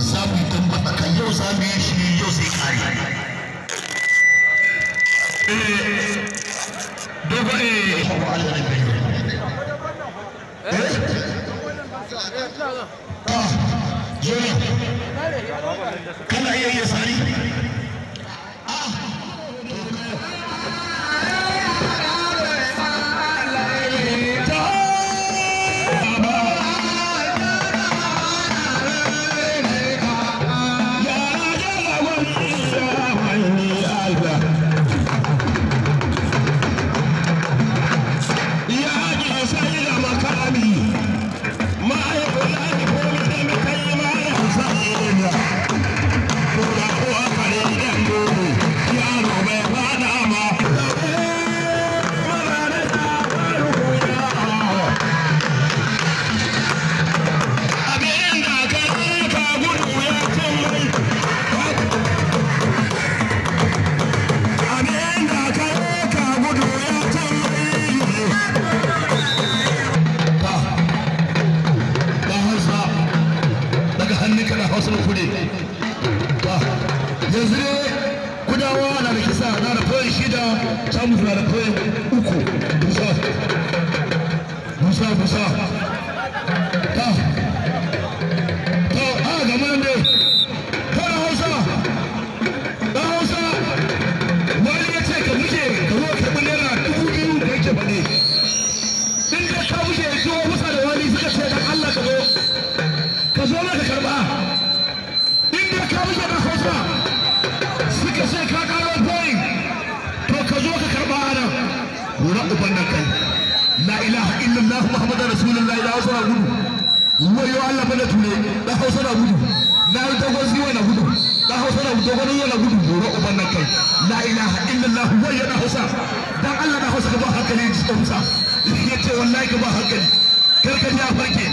za mu yi tambata kan yau za mu yi shi yau zai kare eh, eh. eh? ah, kana iya iya bisa bisa ta na yi dogon ziwa na gudu na hausa na dogon ziwa na gudu gobe uban na kai la ilaha illallah wai yana hausa dan Allah na hausa ka ba hakali ji hausa yace wallahi ka ba hankali karkar ya farke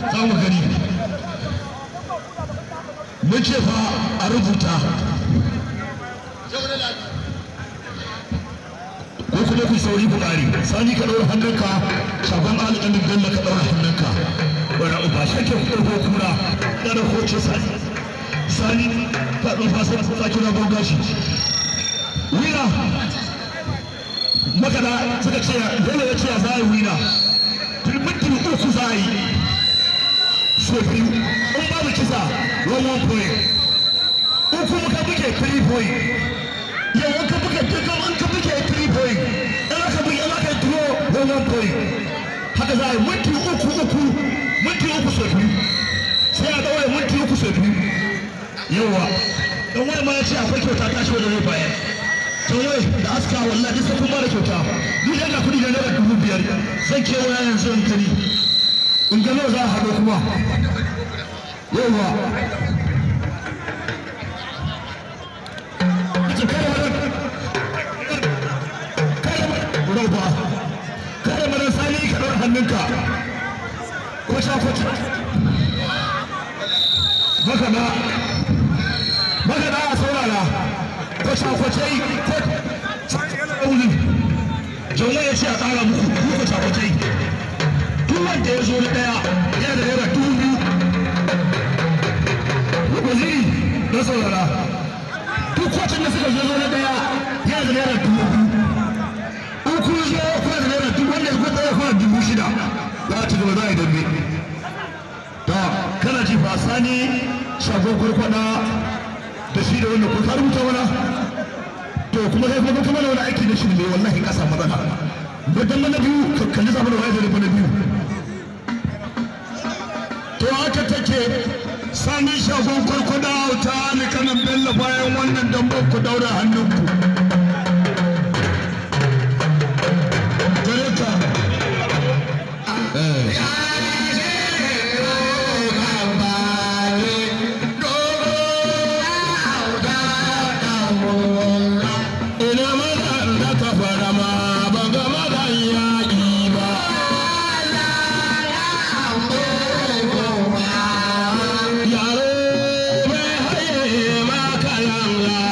za mu gani mun ce fa a rubuta ko kuma sauri ku sani ka ɗaura hannunka shagon alƙalin galla ka ɗaura hannunka wani uba kura sani sani ka tsaki na wira makana suka ce dole so biyu in babu one point in kuma three point ka buge tukam three point draw one point haka za a yi minti uku uku uku sai a uku yawa don wani ma ya akwai kyauta ta shi wajen bayan to wai da aska wallahi duk sai kun ba da kyauta duk yana kuɗi da naira dubu biyar zan kewaya yanzu in kari. in ga za a haɗo kuma yauwa kada mana sani ka ɗaura hannunka kwata kwata maka a saurara kwata kwata yi kwata kwata yi jan waya ce a tsara muku kwata ko yi mutumin da ya ɗaya yana da na ɗaya yana da da wanda ya dubu shida za a ci gaba a dambe kana da wanda to kuma kai kuma kuma da wani aiki da shi ne wallahi kasa matsala. Badan na biyu, kalli da wani da na biyu. to haka take sanin shagon kurkuda ta alikanin bello bayan wannan dambar ku daura hannunku Bangla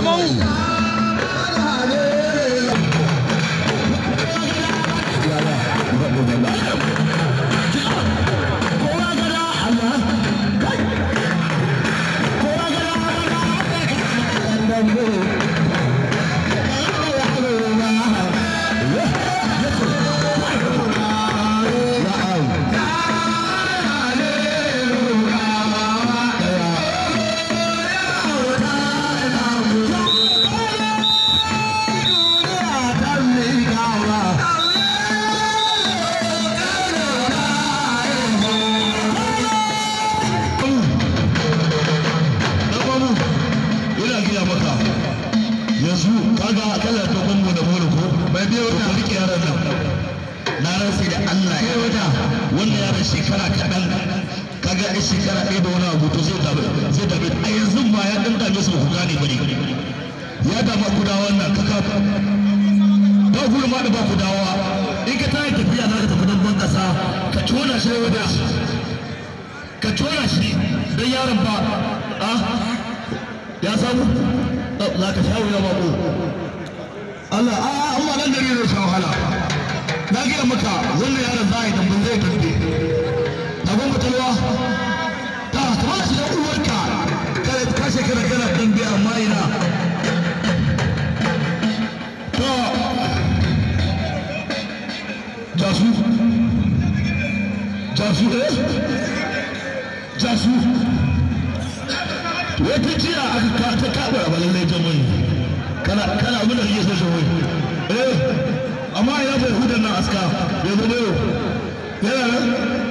Tá bom? ɗan shekara kaɗan kaga shekara ɗaya da wani abu to zai dabe zai dabe a yanzu ma ya ɗan dame su ku gane bane ya dama ku dawo wannan kaka ba gudu ma da ba ku in ka tayi tafiya za ka tafi ban ƙasa ka tona shi da ka tona shi don yaron ba ah, ya samu oh, za ka Allah ah, ah, a nan zai sha wahala na gaya maka wannan yaron za zai tafi da hudun nan aska ya zo